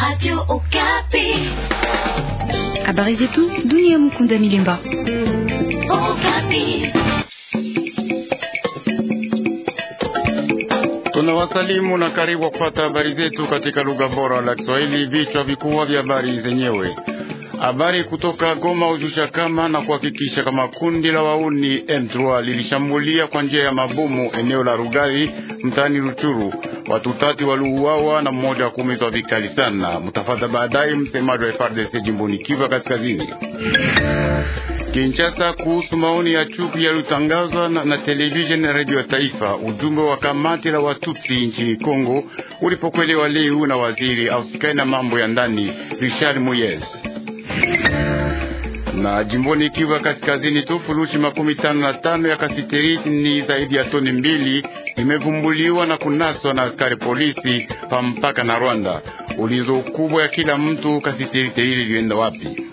Radio Okapi. Habari zetu dunia mkunda milimba. Okapi. Tunawasalimu na karibu kufuata habari zetu katika lugha bora la Kiswahili, vichwa vikubwa vya habari zenyewe. Habari kutoka Goma ujusha kama na kuhakikisha kama kundi la wauni M3 lilishambulia kwa njia ya mabomu eneo la Rugari mtaani Ruchuru. Watu tatu waliuawa na mmoja wa kuumizwa vikali sana. Mtafadha baadaye msemaji wa FARDC jimboni Kivu Kaskazini. Kinshasa, kuhusu maoni ya chuki yaliyotangazwa na, na televisheni na redio ya taifa, ujumbe wa kamati la watuti nchini Kongo ulipokwelewa leo na waziri ausikai na mambo ya ndani Richard Moyes na jimboni Kivu ya Kaskazini, furushi makumi tano na tano ya ni zaidi ya toni mbili imevumbuliwa na kunaswa na askari polisi pa mpaka na Rwanda. Ulizo ukubwa ya kila mtu, kasiterite hili lienda wapi?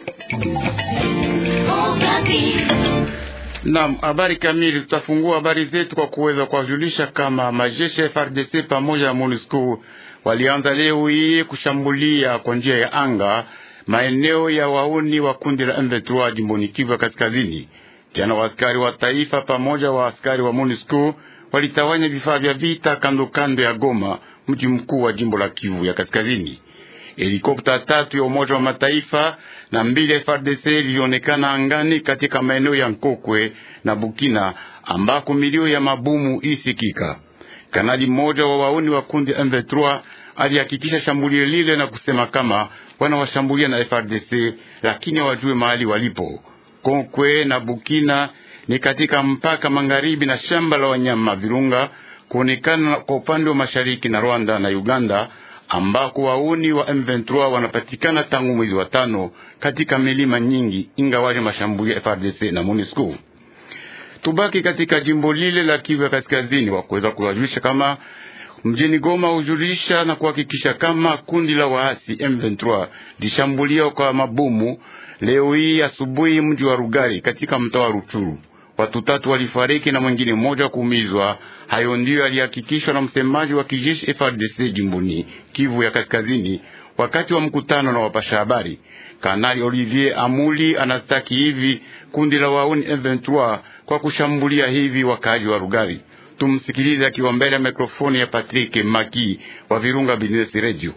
Naam, habari kamili. Tutafungua habari zetu kwa kuweza kuwajulisha kama majeshi ya FARDC pamoja na MONUSCO walianza leo hii kushambulia kwa njia ya anga maeneo ya wauni wa kundi la M23 jimboni Kivu ya Kaskazini. Jana waaskari wa taifa pamoja wa askari wa MONUSCO walitawanya vifaa vya vita kando kando ya Goma, mji mkuu wa jimbo la Kivu ya Kaskazini. Helikopta tatu ya Umoja wa Mataifa na mbili ya FARDC lilionekana angani katika maeneo ya Nkokwe na Bukina ambako milio ya mabumu isikika. Kanali mmoja wa wauni wa kundi M23 alihakikisha shambulio lile na kusema kama wanawashambulia na FRDC, lakini hawajue mahali walipo. Konkwe na Bukina ni katika mpaka magharibi na shamba la wanyama Virunga kuonekana kwa upande wa mashariki na Rwanda na Uganda, ambako wauni wa M23 wanapatikana tangu mwezi wa tano katika milima nyingi, ingawaje mashambulio ya frdc na MONUSCO. Tubaki katika jimbo lile la Kivu ya kaskazini, wakuweza kuwajulisha kama mjini Goma hujulisha na kuhakikisha kama kundi la waasi M23 lishambulia kwa mabomu leo hii asubuhi mji wa Rugari katika mtaa wa Ruchuru. Watu tatu walifariki na mwingine mmoja kuumizwa. Hayo ndiyo yalihakikishwa na msemaji wa kijeshi frdc jimboni Kivu ya Kaskazini wakati wa mkutano na wapasha habari. Kanali Olivier Amuli anastaki hivi kundi la wauni M23 kwa kushambulia hivi wakaji wa Rugari. Tumsikilize akiwa mbele ya mikrofoni ya Patrick Maki wa Virunga Business Radio.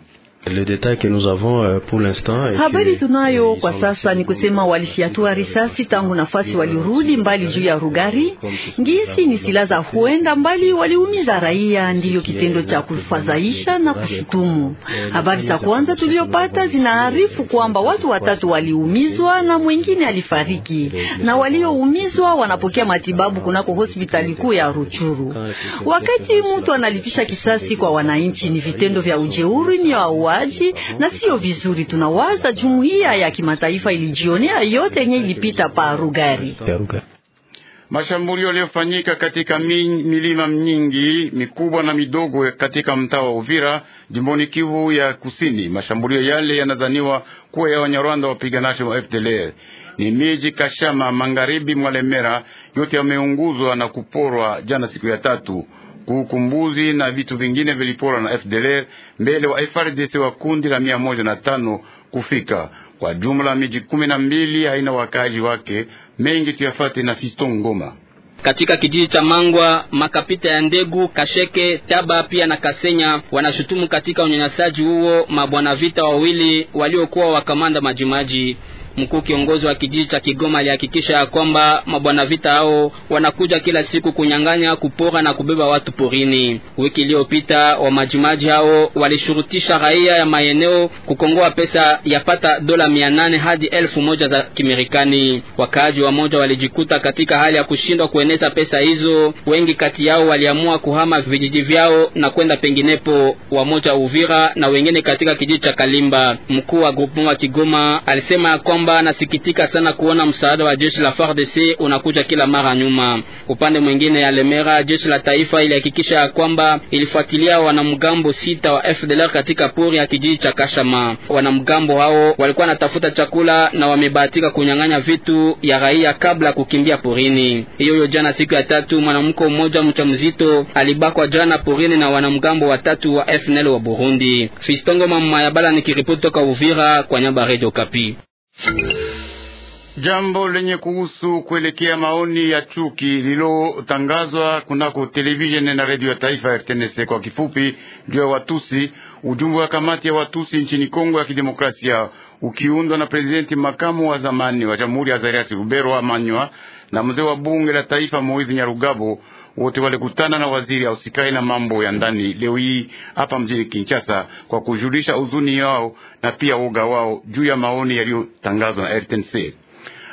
Euh, Habari tunayo kwa sasa ni kusema walifyatua risasi tangu nafasi walirudi mbali juu ya Rugari. Ngisi ni silaha za huenda mbali, waliumiza raia, ndiyo kitendo cha kufadhaisha na kushutumu. Euh, Habari za kwanza tuliopata zinaarifu kwamba watu watatu waliumizwa na mwingine alifariki, na walioumizwa wanapokea matibabu kunako hospitali kuu ya Ruchuru. Wakati mtu analipisha kisasi kwa wananchi, ni vitendo vya ujeuri, ni wa mauaji, na sio vizuri. Tunawaza jumuiya ya kimataifa ilijionea yote yenye ilipita pa Rugari. Mashambulio yaliyofanyika katika milima mnyingi mikubwa na midogo katika mtaa wa Uvira jimboni Kivu ya Kusini. Mashambulio yale yanadhaniwa kuwa ya Wanyarwanda wapiganaji wa FDLR. Ni miji Kashama magharibi mwalemera yote yameunguzwa na kuporwa jana siku ya tatu kuku, mbuzi na vitu vingine vilipora na FDLR mbele wa FRDC wa kundi la mia moja na tano kufika kwa jumla miji kumi na mbili haina wakaaji wake. Mengi tuyafate na Fiston Ngoma. Katika kijiji cha Mangwa, makapita ya Ndegu, Kasheke, Taba pia na Kasenya wanashutumu katika unyanyasaji huo mabwana vita wawili waliokuwa wakamanda majimaji Mkuu kiongozi wa kijiji cha Kigoma alihakikisha ya kwamba mabwana vita hao wanakuja kila siku kunyang'anya, kupora na kubeba watu porini. Wiki iliyopita wa majimaji hao walishurutisha raia ya maeneo kukongoa pesa yapata dola mia nane hadi elfu moja za Kimerikani. Wakaaji wamoja walijikuta katika hali ya kushindwa kueneza pesa hizo. Wengi kati yao waliamua kuhama vijiji vyao na kwenda penginepo, wamoja Uvira na wengine katika kijiji cha Kalimba. Mkuu wa grupu wa Kigoma alisema kwamba kwamba anasikitika sana kuona msaada wa jeshi la FARDC unakuja kila mara nyuma. Upande mwingine ya Lemera, jeshi la taifa ilihakikisha ya kwamba ilifuatilia wanamgambo sita wa FDLR katika pori ya kijiji cha Kashama. Wanamgambo hao walikuwa wanatafuta chakula na wamebahatika kunyang'anya vitu ya raia kabla kukimbia porini. Hiyo jana siku ya tatu, mwanamke mmoja mchamzito alibakwa jana porini na wanamgambo watatu wa FNL wa Burundi. Fistongo mama ya bala nikiripoti toka Uvira kwa nyamba Radio Kapi. Jambo lenye kuhusu kuelekea maoni ya chuki lililotangazwa kunako televisheni na redio ya taifa RTNC kwa kifupi, juu ya Watusi. Ujumbe wa kamati ya Watusi nchini Kongo ya Kidemokrasia ukiundwa na presidenti makamu wa zamani wa jamhuri ya Zariasi Ruberwa Manywa na mzee wa bunge la taifa Moizi Nyarugabo wote walikutana na waziri ausikae na mambo ya ndani leo hii hapa mjini Kinshasa kwa kujulisha uzuni wao na pia woga wao juu ya maoni yaliyotangazwa na RTNC.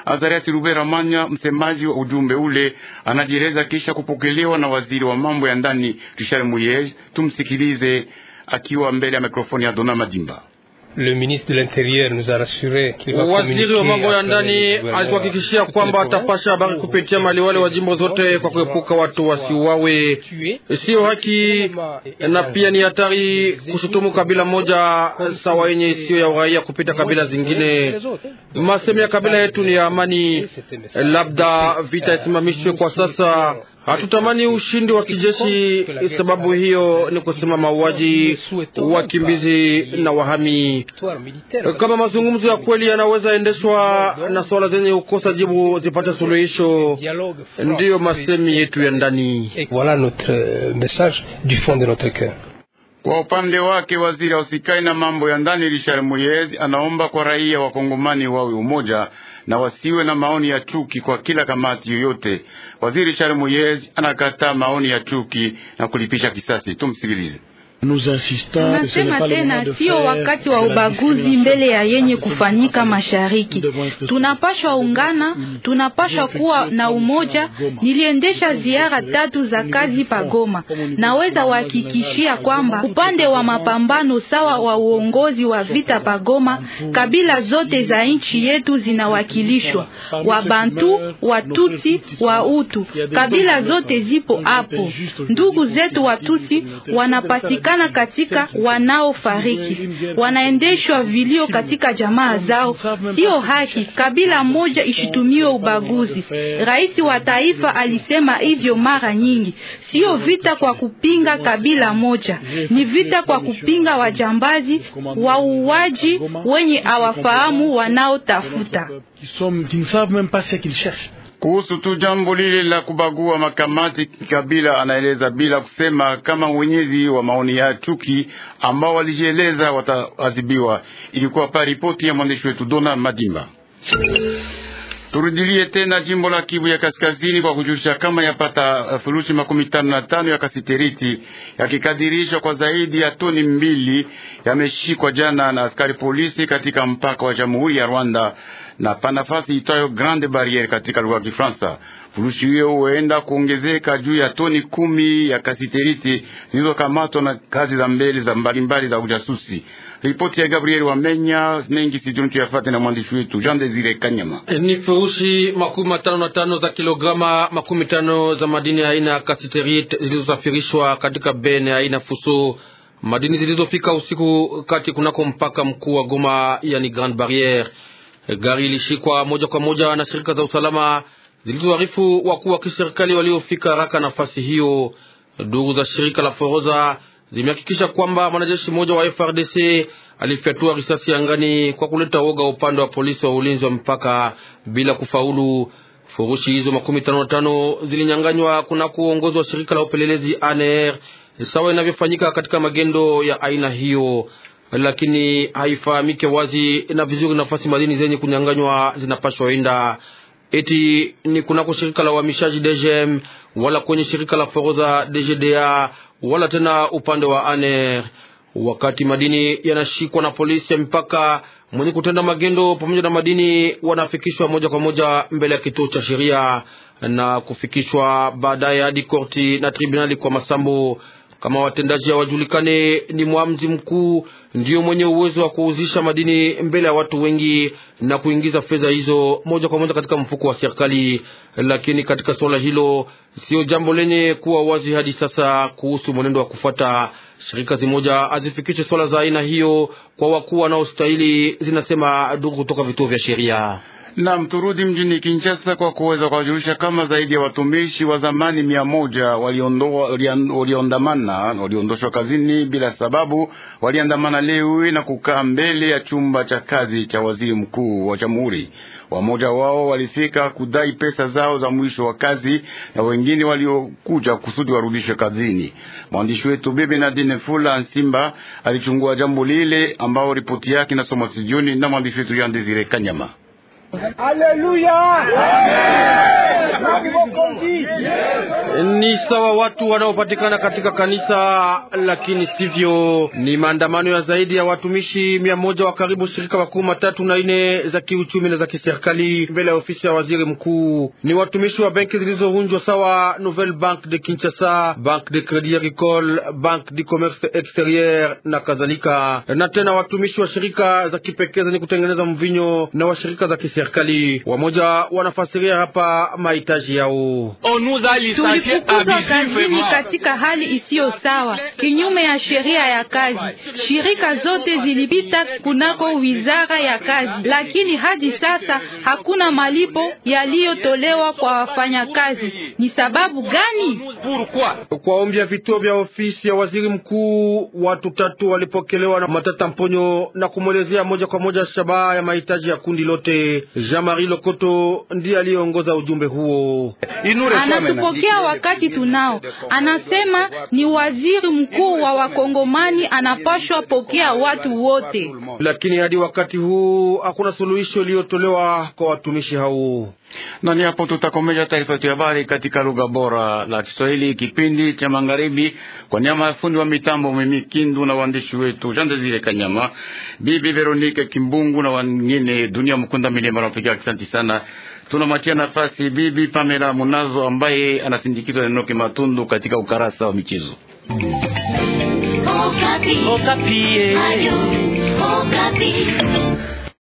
Azarias Rubera Manya, msemaji wa ujumbe ule, anajieleza kisha kupokelewa na waziri wa mambo ya ndani Richard Muyej. Tumsikilize akiwa mbele ya mikrofoni ya Dona Madimba. Le ministre de l'Intérieur nous a rassuré. Waziri wa mambo ya ndani alituhakikishia kwamba atapasha habari kupitia maliwali wa jimbo zote kwa kuepuka watu wasiuawe. Siyo haki na pia ni hatari kushutumu kabila moja sawa yenye isiyo ya uraia kupita kabila zingine. Masemi ya kabila yetu ni ya amani, labda vita isimamishwe kwa sasa. Hatutamani ushindi wa kijeshi, sababu hiyo ni kusema mauaji, wakimbizi na wahami. Kama mazungumzo ya kweli yanaweza endeshwa na swala zenye kukosa jibu zipate suluhisho, ndiyo masemi yetu ya ndani. Kwa upande wake waziri usikai na mambo ya ndani Richard Muyezi anaomba kwa raia wakongomani wawe umoja na wasiwe na maoni ya chuki kwa kila kamati yoyote. Waziri Richard Muyezi anakataa maoni ya chuki na kulipisha kisasi. Tumsikilize. Tunasema tena sio wakati wa ubaguzi mbele ya yenye kufanyika mashariki. Tunapashwa ungana, tunapashwa kuwa na umoja. Niliendesha ziara tatu za kazi pagoma. Naweza wahakikishia kwamba upande wa mapambano sawa wa uongozi wa vita pagoma, kabila zote za nchi yetu zinawakilishwa, Wabantu, Watutsi, Wautu, kabila zote zipo hapo. Ndugu zetu Watutsi wanapatikana wanapatikana katika wanaofariki, wanaendeshwa vilio katika jamaa zao. Sio haki kabila moja ishitumiwe ubaguzi. Rais wa taifa alisema hivyo mara nyingi. Sio vita kwa kupinga kabila moja, ni vita kwa kupinga wajambazi, wauaji wenye awafahamu wanaotafuta kuhusu tu jambo lile la kubagua makamati kikabila, anaeleza bila kusema kama wenyezi wa maoni ya chuki ambao walijieleza wataadhibiwa. Ilikuwa pa ripoti ya mwandishi wetu Dona Madimba. Turudilie tena jimbo la Kivu ya Kaskazini kwa kujulisha kama yapata furushi uh, makumi tano na tano ya kasiteriti yakikadirishwa kwa zaidi ya toni mbili yameshikwa jana na askari polisi katika mpaka wa Jamhuri ya Rwanda na panafasi itayo Grande Barriere katika lugha ya Kifaransa. Furushi hiyo huenda kuongezeka juu ya toni kumi ya kasiteriti zilizokamatwa na kazi za mbele za mbalimbali za ujasusi. Ripoti ya Gabriel Wamenya mengi sijoncho yafate na mwandishi wetu Jean Desire Kanyama. Eh, ni furushi makumi matano na tano za kilograma makumi tano za madini aina ya kasiterit zilizosafirishwa katika bene aina fuso madini zilizofika usiku kati kunako mpaka mkuu wa Goma, yani Grand Barriere. Eh, gari ilishikwa moja kwa moja na shirika za usalama zilizoarifu wakuu wa kiserikali waliofika haraka nafasi hiyo. Duru za shirika la Foroza zimehakikisha kwamba mwanajeshi mmoja wa FRDC alifyatua risasi angani kwa kuleta woga upande wa polisi wa ulinzi wa mpaka bila kufaulu. Furushi hizo makumi tano na tano zilinyanganywa kuna kuongozwa shirika la upelelezi ANR sawa inavyofanyika katika magendo ya aina hiyo, lakini haifahamike wazi na vizuri nafasi madini zenye kunyanganywa zinapashwa enda eti ni kunako shirika la uhamishaji DGM wala kwenye shirika la forodha DGDA wala tena upande wa ane. Wakati madini yanashikwa na polisi mpaka mwenye kutenda magendo pamoja na madini wanafikishwa moja kwa moja mbele ya kituo cha sheria na kufikishwa baadaye hadi korti na tribunali kwa masambo kama watendaji hawajulikane, ni mwamzi mkuu ndiyo mwenye uwezo wa kuuzisha madini mbele ya watu wengi na kuingiza fedha hizo moja kwa moja katika mfuko wa serikali. Lakini katika suala hilo sio jambo lenye kuwa wazi hadi sasa kuhusu mwenendo wa kufuata. Shirika zimoja hazifikishe swala za aina hiyo kwa wakuu wanaostahili, zinasema dugu kutoka vituo vya sheria na mturudi mjini Kinshasa kwa kuweza kuwajulisha kama zaidi ya watumishi wa zamani mia moja waliondamana waliondoshwa kazini bila sababu, waliandamana leo na kukaa mbele ya chumba cha kazi cha waziri mkuu wa jamhuri. Wamoja wao walifika kudai pesa zao za mwisho wa kazi na wengine waliokuja kusudi warudishwe kazini. Mwandishi wetu Bibi Nadine Fula Nsimba alichungua jambo lile, ambao ripoti yake inasoma Sijuni na mwandishi wetu Jean Desire Kanyama. Hallelujah. Amen. ni sawa watu wanaopatikana katika kanisa, lakini sivyo. Ni maandamano ya zaidi ya watumishi mia moja wa karibu shirika makuu matatu na nne za kiuchumi na za kiserikali mbele ya ofisi ya waziri mkuu. Ni watumishi wa benki zilizovunjwa sawa Nouvelle Bank de Kinshasa, Bank de Credit Agricole, Bank du Commerce Exterieur na kadhalika, na tena watumishi wa shirika za kipekee zenye kutengeneza mvinyo na wa shirika za kiserikali. Wamoja wanafasiria hapa Mike mahitaji yao. Oh, Tulifukuza kazini katika hali isiyo sawa, kinyume ya sheria ya kazi. Shirika zote zilipita kunako wizara ya kazi, lakini hadi sasa hakuna malipo yaliyotolewa kwa wafanyakazi. Ni sababu gani? Kwa ombi ya vituo vya ofisi ya waziri mkuu, watu tatu walipokelewa na Matata Mponyo na kumwelezea moja kwa moja shabaha ya mahitaji ya kundi lote. Jean Marie Lokoto ndiye aliyeongoza ujumbe huo anatupokea wakati tunao. Anasema ni waziri mkuu wa wakongomani anapashwa pokea watu wote, lakini hadi wakati huu hakuna suluhisho iliyotolewa kwa watumishi hao. Na ni hapo tutakomesha taarifa yetu ya habari katika lugha bora la Kiswahili, kipindi cha magharibi, kwa niaba ya fundi wa mitambo Mimi Kindu na waandishi wetu Jean Desire Kanyama, Bibi Veronike Kimbungu na wengine, Dunia Mkunda Milima, napiga asante sana. Tunamwachia nafasi bibi Pamela Munazo ambaye anasindikizwa na Enoki Matundu katika ukarasa wa michezo. Okapi. Okapi.